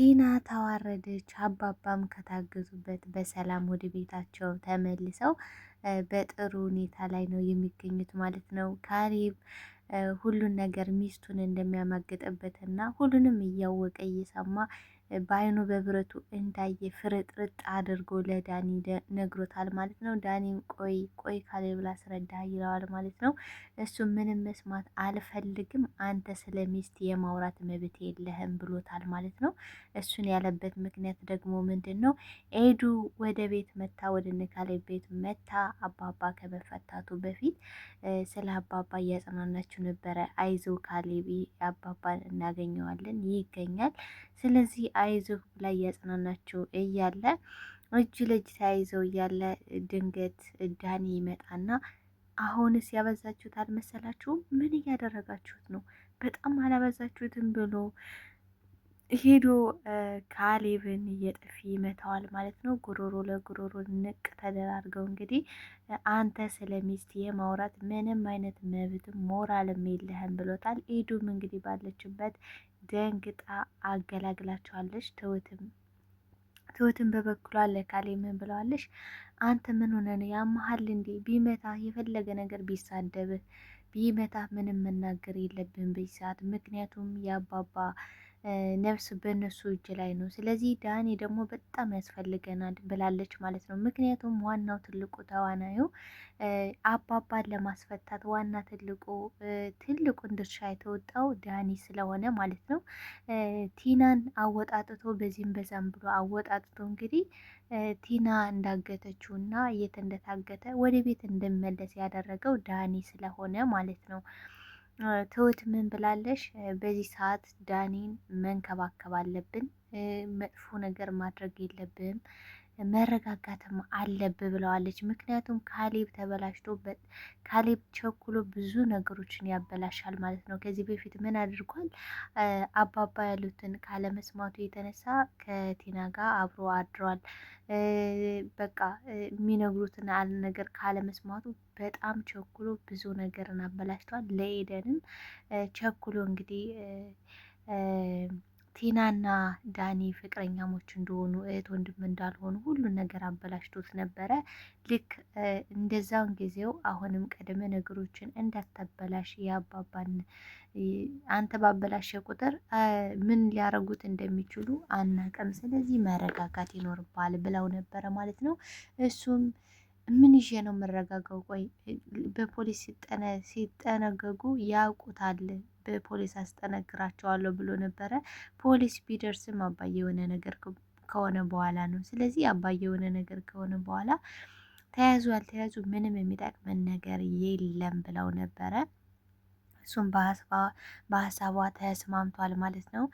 ቲና ተዋረደች። አባባም ከታገዙበት በሰላም ወደ ቤታቸው ተመልሰው በጥሩ ሁኔታ ላይ ነው የሚገኙት ማለት ነው። ካሌብ ሁሉን ነገር ሚስቱን እንደሚያማግጥበትና ሁሉንም እያወቀ እየሰማ በአይኑ በብረቱ እንዳየ ፍርጥርጥ አድርጎ ለዳኒ ነግሮታል ማለት ነው። ዳኒም ቆይ ቆይ ካሌ ብላ አስረዳ ይለዋል ማለት ነው። እሱ ምንም መስማት አልፈልግም፣ አንተ ስለ ሚስት የማውራት መብት የለህም ብሎታል ማለት ነው። እሱን ያለበት ምክንያት ደግሞ ምንድን ነው? ኤዱ ወደ ቤት መታ፣ ወደ ንካሌ ቤት መታ። አባባ ከመፈታቱ በፊት ስለ አባባ እያጽናናችው ነበረ። አይዞ ካሌቢ አባባን እናገኘዋለን፣ ይገኛል። ስለዚህ አይዞህ ብላ እያጽናናችው እያለ እጅ ለእጅ ተያይዘው እያለ ድንገት ዳኒ ይመጣና አሁንስ ያበዛችሁት አልመሰላችሁም? ምን እያደረጋችሁት ነው? በጣም አላበዛችሁትም ብሎ ሄዶ ካሌብን የጥፊ ይመታዋል ማለት ነው። ጉሮሮ ለጉሮሮ ንቅ ተደራርገው እንግዲህ አንተ ስለ ሚስት የማውራት ምንም አይነት መብትም ሞራልም የለህም ብሎታል። ኢዱም እንግዲህ ባለችበት ደንግጣ አገላግላቸዋለች። ትሁትም ትሁትም በበኩሏ ለካሌብ ምን ብለዋለች? አንተ ምን ሆነን ያመሀል እንዴ? ቢመታ የፈለገ ነገር ቢሳደብህ ቢመታ ምንም መናገር የለብህም በዚህ ሰዓት ምክንያቱም ያባባ ነፍስ በነሱ እጅ ላይ ነው። ስለዚህ ዳኒ ደግሞ በጣም ያስፈልገናል ብላለች ማለት ነው። ምክንያቱም ዋናው ትልቁ ተዋናዩ አባባን ለማስፈታት ዋና ትልቁ ትልቁን ድርሻ የተወጣው ዳኒ ስለሆነ ማለት ነው። ቲናን አወጣጥቶ በዚህም በዛም ብሎ አወጣጥቶ እንግዲህ ቲና እንዳገተችው እና የት እንደታገተ ወደ ቤት እንደመለስ ያደረገው ዳኒ ስለሆነ ማለት ነው። ትሁት ምን ብላለሽ? በዚህ ሰዓት ዳኒን መንከባከብ አለብን። መጥፎ ነገር ማድረግ የለብንም። መረጋጋትም አለብ ብለዋለች። ምክንያቱም ካሌብ ተበላሽቶ ካሌብ ቸኩሎ ብዙ ነገሮችን ያበላሻል ማለት ነው። ከዚህ በፊት ምን አድርጓል? አባባ ያሉትን ካለመስማቱ የተነሳ ከቲና ጋር አብሮ አድሯል። በቃ የሚነግሩትን አል ነገር ካለመስማቱ በጣም ቸኩሎ ብዙ ነገርን አበላሽቷል። ለኤደንም ቸኩሎ እንግዲህ ቲናና ዳኒ ፍቅረኛሞች እንደሆኑ እህት ወንድም እንዳልሆኑ ሁሉን ነገር አበላሽቶት ነበረ። ልክ እንደዛውን ጊዜው አሁንም ቀድመ ነገሮችን እንዳታበላሽ የአባባን አንተ ባበላሸ ቁጥር ምን ሊያረጉት እንደሚችሉ አናቀም። ስለዚህ መረጋጋት ይኖርባል ብለው ነበረ ማለት ነው እሱም ምን ይዤ ነው የምረጋጋው? ቆይ በፖሊስ ሲጠነገጉ ያውቁታል፣ በፖሊስ አስጠነግራቸዋለሁ ብሎ ነበረ። ፖሊስ ቢደርስም አባዬ የሆነ ነገር ከሆነ በኋላ ነው። ስለዚህ አባዬ የሆነ ነገር ከሆነ በኋላ ተያዙ ያልተያዙ ምንም የሚጠቅመን ነገር የለም ብለው ነበረ። እሱም በሀሳቧ ተስማምቷል ማለት ነው።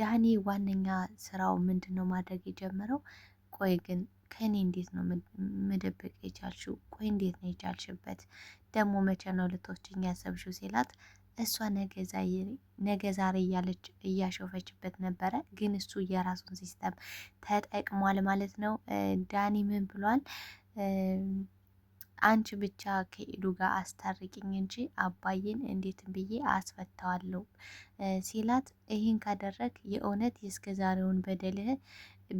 ዳኒ ዋነኛ ስራው ምንድን ነው ማድረግ የጀመረው? ቆይ ግን ከእኔ እንዴት ነው መደበቅ የቻልሽው? ቆይ እንዴት ነው የቻልሽበት? ደግሞ መቼ ነው ልትወስጂኝ ያሰብሽው? ሲላት እሷ ነገ ዛሬ እያለች እያሾፈችበት ነበረ። ግን እሱ የራሱን ሲስተም ተጠቅሟል ማለት ነው። ዳኒ ምን ብሏል? አንቺ ብቻ ከኢዱ ጋር አስታርቂኝ እንጂ አባይን እንዴት ብዬ አስፈታዋለሁ ሲላት፣ ይህን ካደረግ የእውነት የእስከ ዛሬውን በደልህ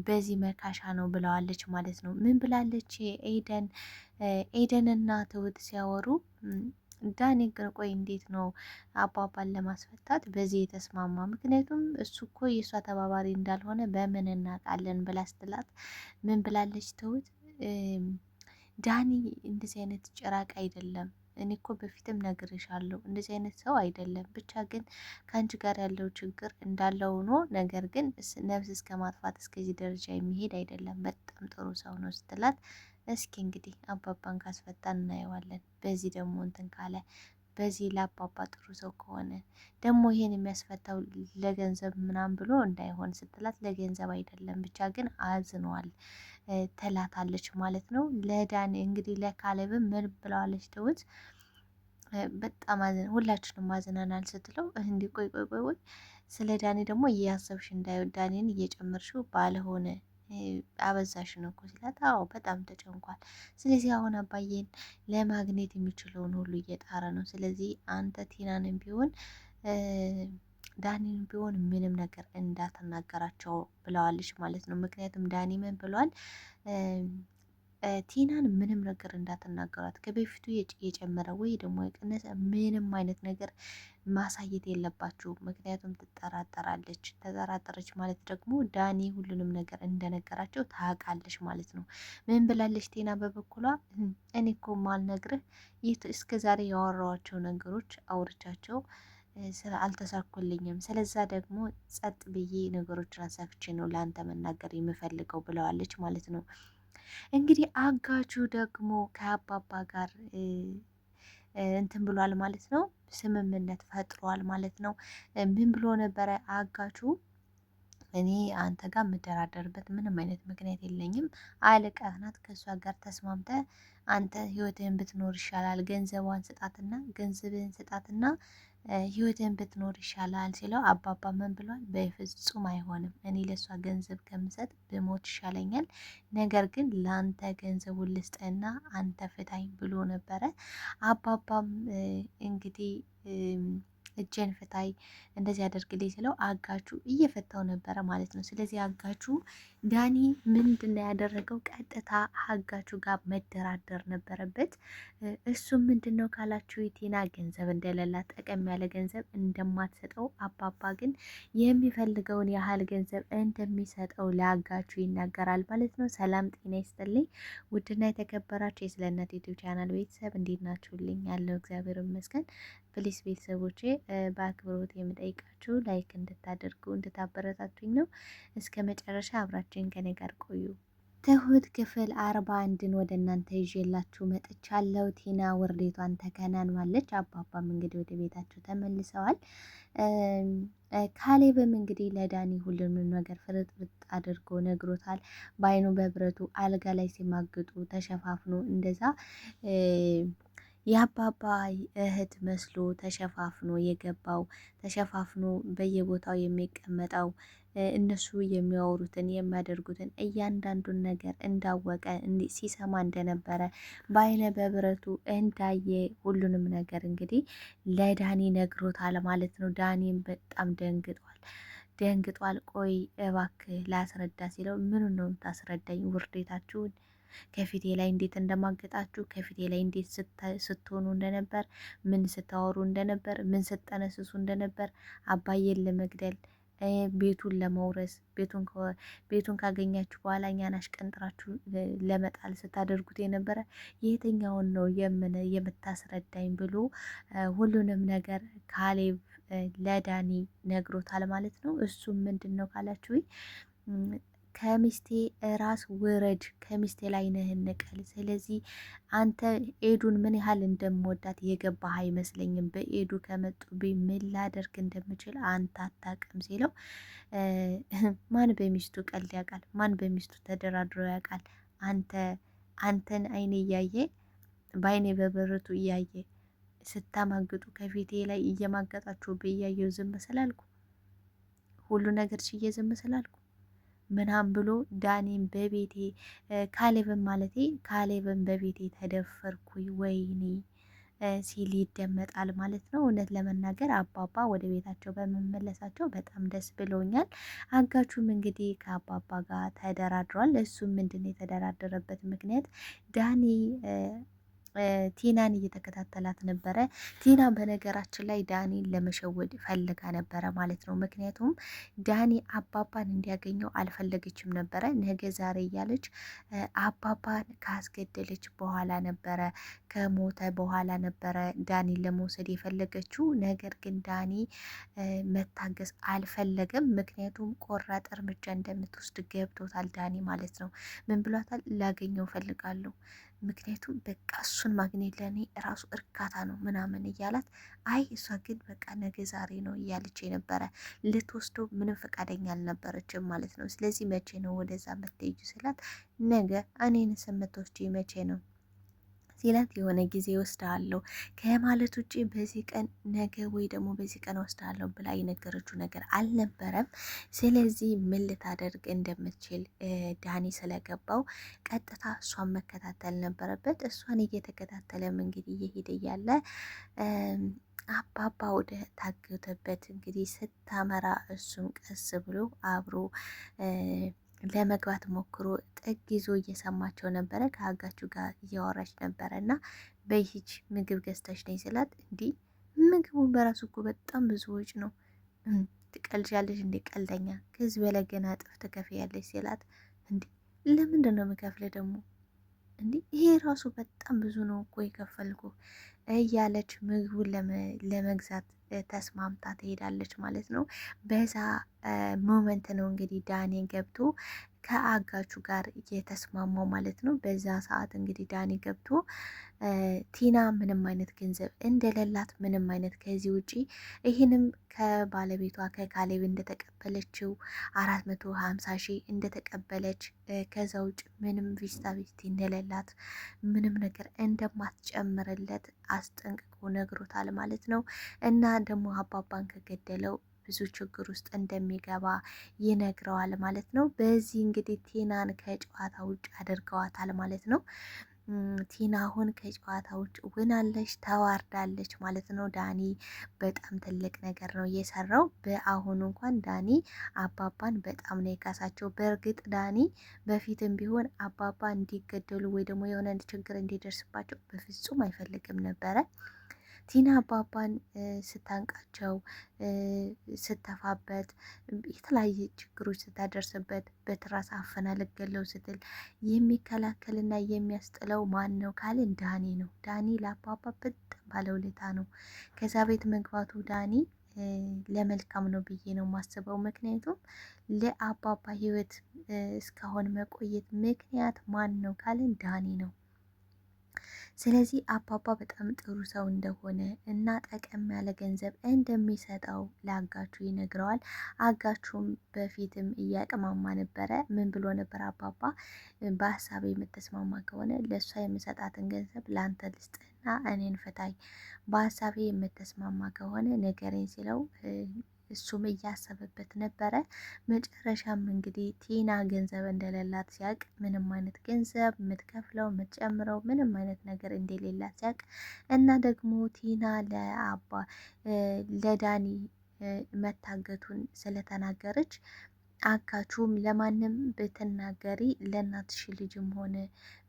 በዚህ መካሻ ነው ብለዋለች ማለት ነው። ምን ብላለች? ኤደን ኤደንና ትሁት ሲያወሩ ዳኒ ግን ቆይ እንዴት ነው አባባል ለማስፈታት በዚህ የተስማማ? ምክንያቱም እሱ እኮ የእሷ ተባባሪ እንዳልሆነ በምን እናውቃለን ብላ ስትላት ምን ብላለች ትሁት ዳኒ እንደዚህ አይነት ጭራቅ አይደለም እኔ እኮ በፊትም ነግሬሻለሁ እንደዚህ አይነት ሰው አይደለም። ብቻ ግን ከአንቺ ጋር ያለው ችግር እንዳለ ሆኖ ነገር ግን ነፍስ እስከ ማጥፋት እስከዚህ ደረጃ የሚሄድ አይደለም። በጣም ጥሩ ሰው ነው ስትላት እስኪ እንግዲህ አባባን ካስፈታ እናየዋለን። በዚህ ደግሞ እንትን ካለ በዚህ ለአባባ ጥሩ ሰው ከሆነ ደግሞ ይሄን የሚያስፈታው ለገንዘብ ምናምን ብሎ እንዳይሆን ስትላት ለገንዘብ አይደለም ብቻ ግን አዝኗል። ትላታለች ማለት ነው። ለዳን እንግዲህ ለካሌብ ምን ብለዋለች ትውት በጣም አዘን ሁላችንም አዝነናል ስትለው እንዲ ቆይ ቆይ ቆይ ቆይ ስለ ዳኔ ደግሞ እያሰብሽ እንዳይወድ ዳኔን እየጨመርሽው ባልሆነ አበዛሽ እኮ ሲላት፣ አዎ በጣም ተጨንቋል። ስለዚህ አሁን አባዬን ለማግኘት የሚችለውን ሁሉ እየጣረ ነው። ስለዚህ አንተ ቲናንም ቢሆን ዳኒን ቢሆን ምንም ነገር እንዳትናገራቸው ብለዋለች ማለት ነው። ምክንያቱም ዳኒ ምን ብሏል? ቲናን ምንም ነገር እንዳትናገሯት ከበፊቱ የጨመረ ወይ ደግሞ የቀነሰ ምንም አይነት ነገር ማሳየት የለባችሁ። ምክንያቱም ትጠራጠራለች። ተጠራጠረች ማለት ደግሞ ዳኒ ሁሉንም ነገር እንደነገራቸው ታውቃለች ማለት ነው። ምን ብላለች? ቴና በበኩሏ እኔ እኮ ማልነግርህ ይህ እስከ ዛሬ ያወራኋቸው ነገሮች አውርቻቸው ስራ ስለዛ ደግሞ ጸጥ ብዬ ነገሮችን አሳክቼ ነው ለአንተ መናገር የምፈልገው ብለዋለች ማለት ነው። እንግዲህ አጋቹ ደግሞ ከአባባ ጋር እንትን ብሏል ማለት ነው። ስምምነት ፈጥሯል ማለት ነው። ምን ብሎ ነበረ አጋቹ? እኔ አንተ ጋር የምደራደርበት ምንም አይነት ምክንያት የለኝም። አለቃህ ከእሷ ጋር ተስማምተ አንተ ህይወትህን ብትኖር ይሻላል። ገንዘቧን ስጣትና ገንዘብህን ስጣትና ህይወትን ብትኖር ይሻላል ሲለው አባባ ምን ብሏል? በፍጹም አይሆንም። እኔ ለእሷ ገንዘብ ከምሰጥ ብሞት ይሻለኛል። ነገር ግን ለአንተ ገንዘቡን ልስጠና አንተ ፍታኝ ብሎ ነበረ። አባባም እንግዲህ እጄን ፍታይ እንደዚህ አደርግልኝ ስለው አጋቹ እየፈታው ነበረ ማለት ነው። ስለዚህ አጋቹ ዳኒ ምንድነው ያደረገው? ቀጥታ ሀጋቹ ጋር መደራደር ነበረበት። እሱም ምንድነው ካላችሁ የቴና ገንዘብ እንደሌላት ጠቀም ያለ ገንዘብ እንደማትሰጠው፣ አባባ ግን የሚፈልገውን ያህል ገንዘብ እንደሚሰጠው ለሀጋቹ ይናገራል ማለት ነው። ሰላም ጤና ይስጥልኝ ውድና የተከበራችሁ የስለነት ዩቲብ ቻናል ቤተሰብ እንዴት ናችሁልኝ? ያለው እግዚአብሔር ይመስገን። ፕሊስ ቤተሰቦቼ በአክብሮት የምጠይቃችሁ ላይክ እንድታደርጉ እንድታበረታቱኝ ነው። እስከ መጨረሻ አብራ አብራችሁን ከኔ ጋር ቆዩ። ትሁት ክፍል አርባ አንድን ወደ እናንተ ይዤላችሁ መጥቻለሁ። ቲና ውርዴቷን ተከናንባለች። አባባም እንግዲህ ወደ ቤታቸው ተመልሰዋል። ካሌብም እንግዲህ ለዳኒ ሁሉንም ነገር ፍርጥርጥ አድርጎ ነግሮታል። በአይኑ በብረቱ አልጋ ላይ ሲማግጡ ተሸፋፍኖ እንደዛ የአባባ እህት መስሎ ተሸፋፍኖ የገባው ተሸፋፍኖ በየቦታው የሚቀመጠው እነሱ የሚያወሩትን የሚያደርጉትን እያንዳንዱን ነገር እንዳወቀ ሲሰማ እንደነበረ በአይነ በብረቱ እንዳየ ሁሉንም ነገር እንግዲህ ለዳኒ ነግሮታል ማለት ነው። ዳኒም በጣም ደንግጧል ደንግጧል። ቆይ እባክህ ላስረዳ ሲለው ምኑ ነው የምታስረዳኝ? ውርዴታችሁን ከፊቴ ላይ እንዴት እንደማገጣችሁ ከፊቴ ላይ እንዴት ስትሆኑ እንደነበር ምን ስታወሩ እንደነበር ምን ስትጠነስሱ እንደነበር አባዬን ለመግደል ቤቱን ለመውረስ ቤቱን ካገኛችሁ በኋላ እኛን አሽቀንጥራችሁ ለመጣል ስታደርጉት የነበረ የትኛውን ነው የምን የምታስረዳኝ ብሎ ሁሉንም ነገር ካሌብ ለዳኒ ነግሮታል ማለት ነው። እሱም ምንድን ነው ካላችሁ ከሚስቴ ራስ ውረድ፣ ከሚስቴ ላይ ነህ ንቀል። ስለዚህ አንተ ኤዱን ምን ያህል እንደምወዳት የገባህ አይመስለኝም። በኤዱ ከመጡብኝ ምን ላደርግ እንደምችል አንተ አታውቅም ሲለው ማን በሚስቱ ቀልድ ያውቃል? ማን በሚስቱ ተደራድሮ ያውቃል? አንተ አንተን አይኔ እያየ በአይኔ በበረቱ እያየ ስታማግጡ ከፊቴ ላይ እየማገጣችሁ ብያየው ዝም ስላልኩ ሁሉ ነገር ችዬ ዝም ስላልኩ ምናም ብሎ ዳኔም በቤቴ ካሌብን ማለቴ ካሌብን በቤቴ ተደፈርኩኝ ወይኔ ሲል ይደመጣል ማለት ነው። እውነት ለመናገር አባባ ወደ ቤታቸው በመመለሳቸው በጣም ደስ ብሎኛል። አጋቹም እንግዲህ ከአባባ ጋር ተደራድሯል። እሱም ምንድን ነው የተደራደረበት ምክንያት ዳኒ ቲናን እየተከታተላት ነበረ። ቲና በነገራችን ላይ ዳኒን ለመሸወድ ፈልጋ ነበረ ማለት ነው። ምክንያቱም ዳኒ አባባን እንዲያገኘው አልፈለገችም ነበረ። ነገ ዛሬ እያለች አባባን ካስገደለች በኋላ ነበረ ከሞተ በኋላ ነበረ ዳኒን ለመውሰድ የፈለገችው። ነገር ግን ዳኒ መታገስ አልፈለገም። ምክንያቱም ቆራጥ እርምጃ እንደምትወስድ ገብቶታል ዳኒ ማለት ነው። ምን ብሏታል? ላገኘው ፈልጋለሁ ምክንያቱም በቃ እሱን ማግኘት ለእኔ ራሱ እርካታ ነው ምናምን እያላት፣ አይ እሷ ግን በቃ ነገ ዛሬ ነው እያለች የነበረ ልትወስዶ ምንም ፈቃደኛ አልነበረችም ማለት ነው። ስለዚህ መቼ ነው ወደዛ መትሄጁ ስላት፣ ነገ እኔን ስምትወስጂ መቼ ነው ሲላት የሆነ ጊዜ ወስዳለሁ ከማለት ውጭ በዚህ ቀን ነገ ወይ ደግሞ በዚህ ቀን ወስዳለሁ ብላ የነገረችው ነገር አልነበረም። ስለዚህ ምን ልታደርግ እንደምትችል ዳኒ ስለገባው ቀጥታ እሷን መከታተል ነበረበት። እሷን እየተከታተለም እንግዲህ እየሄደ እያለ አባባ ወደ ታገተበት እንግዲህ ስታመራ እሱም ቀስ ብሎ አብሮ ለመግባት ሞክሮ ጥግ ይዞ እየሰማቸው ነበረ። ከአጋቹ ጋር እያወራች ነበረ እና በይሂጅ ምግብ ገዝተች ነኝ ስላት እንዲህ ምግቡ በራሱ እኮ በጣም ብዙ ወጪ ነው ትቀልጃለሽ እንዴ? ቀልደኛ ከዚህ በላይ ገና እጥፍ ትከፍያለሽ ሲላት እንዲ ለምንድን ነው የምከፍል ደግሞ እንዲህ ይሄ ራሱ በጣም ብዙ ነው እኮ የከፈልኩ እያለች ምግቡን ለመግዛት ተስማምታ ትሄዳለች ማለት ነው። በዛ ሞመንት ነው እንግዲህ ዳኔ ገብቶ ከአጋቹ ጋር የተስማማው ማለት ነው። በዛ ሰዓት እንግዲህ ዳኔ ገብቶ ቲና ምንም አይነት ገንዘብ እንደሌላት ምንም አይነት ከዚህ ውጪ ይህንም ከባለቤቷ ከካሌብ እንደተቀበለችው አራት መቶ ሀምሳ ሺህ እንደተቀበለች ከዛ ውጭ ምንም ቪስታ ቪስቲ እንደሌላት ምንም ነገር እንደማትጨምርለት አስጠንቅቆ ነግሮታል ማለት ነው። እና ደግሞ አባባን ከገደለው ብዙ ችግር ውስጥ እንደሚገባ ይነግረዋል ማለት ነው። በዚህ እንግዲህ ቲናን ከጨዋታ ውጭ አድርገዋታል ማለት ነው። ቲና አሁን ከጨዋታ ውጭ ውናለች፣ ተዋርዳለች ማለት ነው። ዳኒ በጣም ትልቅ ነገር ነው እየሰራው። በአሁኑ እንኳን ዳኒ አባባን በጣም ነው የካሳቸው። በእርግጥ ዳኒ በፊትም ቢሆን አባባ እንዲገደሉ ወይ ደግሞ የሆነ ችግር እንዲደርስባቸው በፍጹም አይፈልግም ነበረ ቲና አባባን ስታንቃቸው፣ ስተፋበት፣ የተለያየ ችግሮች ስታደርስበት፣ በትራስ አፈና ልገለው ስትል የሚከላከልና የሚያስጥለው ማን ነው ካልን ዳኒ ነው። ዳኒ ለአባባ በጣም ባለውለታ ነው። ከዛ ቤት መግባቱ ዳኒ ለመልካም ነው ብዬ ነው የማስበው። ምክንያቱም ለአባባ ሕይወት እስካሁን መቆየት ምክንያት ማን ነው ካልን ዳኒ ነው። ስለዚህ አባባ በጣም ጥሩ ሰው እንደሆነ እና ጠቀም ያለ ገንዘብ እንደሚሰጠው ለአጋቹ ይነግረዋል። አጋቹም በፊትም እያቅማማ ነበረ። ምን ብሎ ነበር? አባባ በሀሳብ የምትስማማ ከሆነ ለእሷ የምሰጣትን ገንዘብ ለአንተ ልስጥህና እኔን ፍታኝ፣ በሀሳቤ የምትስማማ ከሆነ ነገሬን ሲለው እሱም እያሰበበት ነበረ። መጨረሻም እንግዲህ ቲና ገንዘብ እንደሌላት ሲያቅ ምንም አይነት ገንዘብ የምትከፍለው የምትጨምረው ምንም አይነት ነገር እንደሌላት ሲያቅ እና ደግሞ ቲና ለአባ ለዳኒ መታገቱን ስለተናገረች አጋቹም ለማንም ብትናገሪ ለእናትሽ ልጅም ሆነ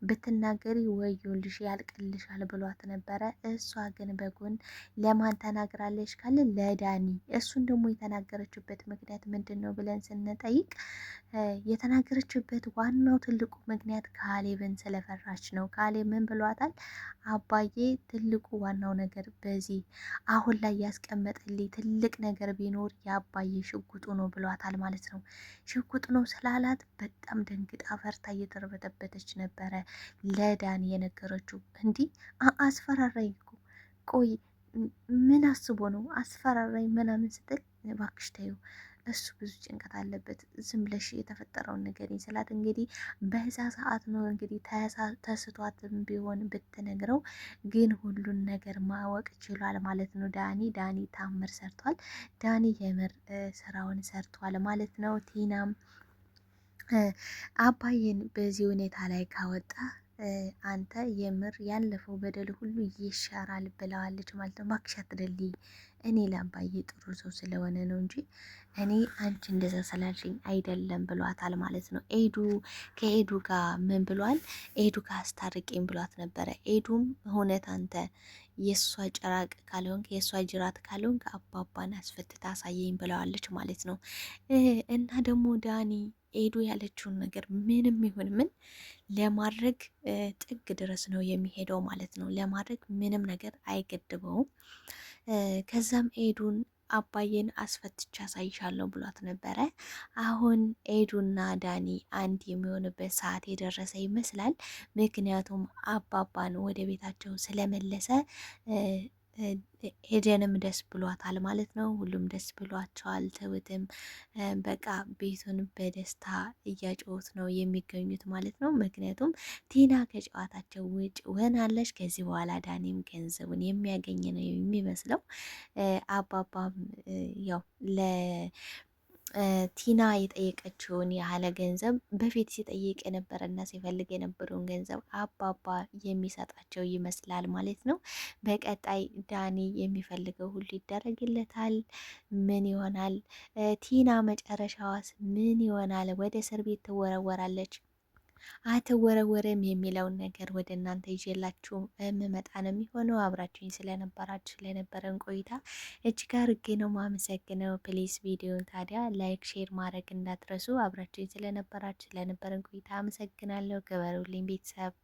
ብትናገሪ ወዮልሽ ያልቅልሻል ብሏት ነበረ። እሷ ግን በጎን ለማን ተናግራለች ካለ ለዳኒ። እሱን ደግሞ የተናገረችበት ምክንያት ምንድን ነው ብለን ስንጠይቅ የተናገረችበት ዋናው ትልቁ ምክንያት ካሌብን ስለፈራች ነው። ካሌብ ምን ብሏታል? አባዬ ትልቁ ዋናው ነገር በዚህ አሁን ላይ ያስቀመጠልኝ ትልቅ ነገር ቢኖር የአባዬ ሽጉጡ ነው ብሏታል ማለት ነው። ሽጉጡ ነው ስላላት በጣም ደንግጣ ፈርታ እየተርበተበተች ነበረ። ለዳን የነገረችው። እንዲህ አስፈራራኝ እኮ ቆይ ምን አስቦ ነው አስፈራራኝ ምናምን ስትል እባክሽ ተይው እሱ ብዙ ጭንቀት አለበት ዝም ብለሽ የተፈጠረውን ነገር ስላት እንግዲህ በዛ ሰዓት ነው እንግዲህ ተስቷትም ቢሆን ብትነግረው ግን ሁሉን ነገር ማወቅ ችሏል ማለት ነው። ዳኒ ዳኒ ታምር ሰርቷል። ዳኒ የምር ስራውን ሰርቷል ማለት ነው። ቲናም አባዬን በዚህ ሁኔታ ላይ ካወጣ አንተ የምር ያለፈው በደል ሁሉ ይሻራል ብለዋለች ማለት ነው። እባክሽ አትደልይ። እኔ ለአባዬ ጥሩ ሰው ስለሆነ ነው እንጂ እኔ አንቺ እንደዛ ስላልሽኝ አይደለም ብሏታል ማለት ነው። ኤዱ ከኤዱ ጋር ምን ብሏል? ኤዱ ጋር አስታርቂኝ ብሏት ነበረ። ኤዱም እውነት አንተ የእሷ ጭራቅ ካልሆንክ የእሷ ጅራት ካልሆንክ አባባን አስፈትታ አሳየኝ ብለዋለች ማለት ነው። እና ደግሞ ዳኒ ኤዱ ያለችውን ነገር ምንም ይሁን ምን ለማድረግ ጥግ ድረስ ነው የሚሄደው ማለት ነው። ለማድረግ ምንም ነገር አይገድበውም። ከዛም ኤዱን አባዬን አስፈትቻ አሳይሻለሁ ብሏት ነበረ። አሁን ኤዱና ዳኒ አንድ የሚሆንበት ሰዓት የደረሰ ይመስላል። ምክንያቱም አባባን ወደ ቤታቸው ስለመለሰ ኤደንም ደስ ብሏታል ማለት ነው። ሁሉም ደስ ብሏቸዋል። ትሁትም በቃ ቤቱን በደስታ እያጫወቱ ነው የሚገኙት ማለት ነው። ምክንያቱም ቲና ከጨዋታቸው ውጭ ሆናለች። ከዚህ በኋላ ዳኔም ገንዘቡን የሚያገኝ ነው የሚመስለው። አባባም ያው ቲና የጠየቀችውን ያህለ ገንዘብ በፊት ሲጠይቅ የነበረና ሲፈልግ የነበረውን ገንዘብ አባባ የሚሰጣቸው ይመስላል ማለት ነው። በቀጣይ ዳኒ የሚፈልገው ሁሉ ይደረግለታል። ምን ይሆናል? ቲና መጨረሻዋስ ምን ይሆናል? ወደ እስር ቤት ትወረወራለች አትወረወረም የሚለውን ነገር ወደ እናንተ ይዤላችሁ የምመጣ ነው የሚሆነው። አብራችሁኝ ስለነበራችሁ ስለነበረን ቆይታ እጅግ አድርጌ ነው ማመሰግነው። ፕሊዝ ቪዲዮን ታዲያ ላይክ፣ ሼር ማድረግ እንዳትረሱ። አብራችሁኝ ስለነበራችሁ ስለነበረን ቆይታ አመሰግናለሁ። ገበሬው ቤተሰብ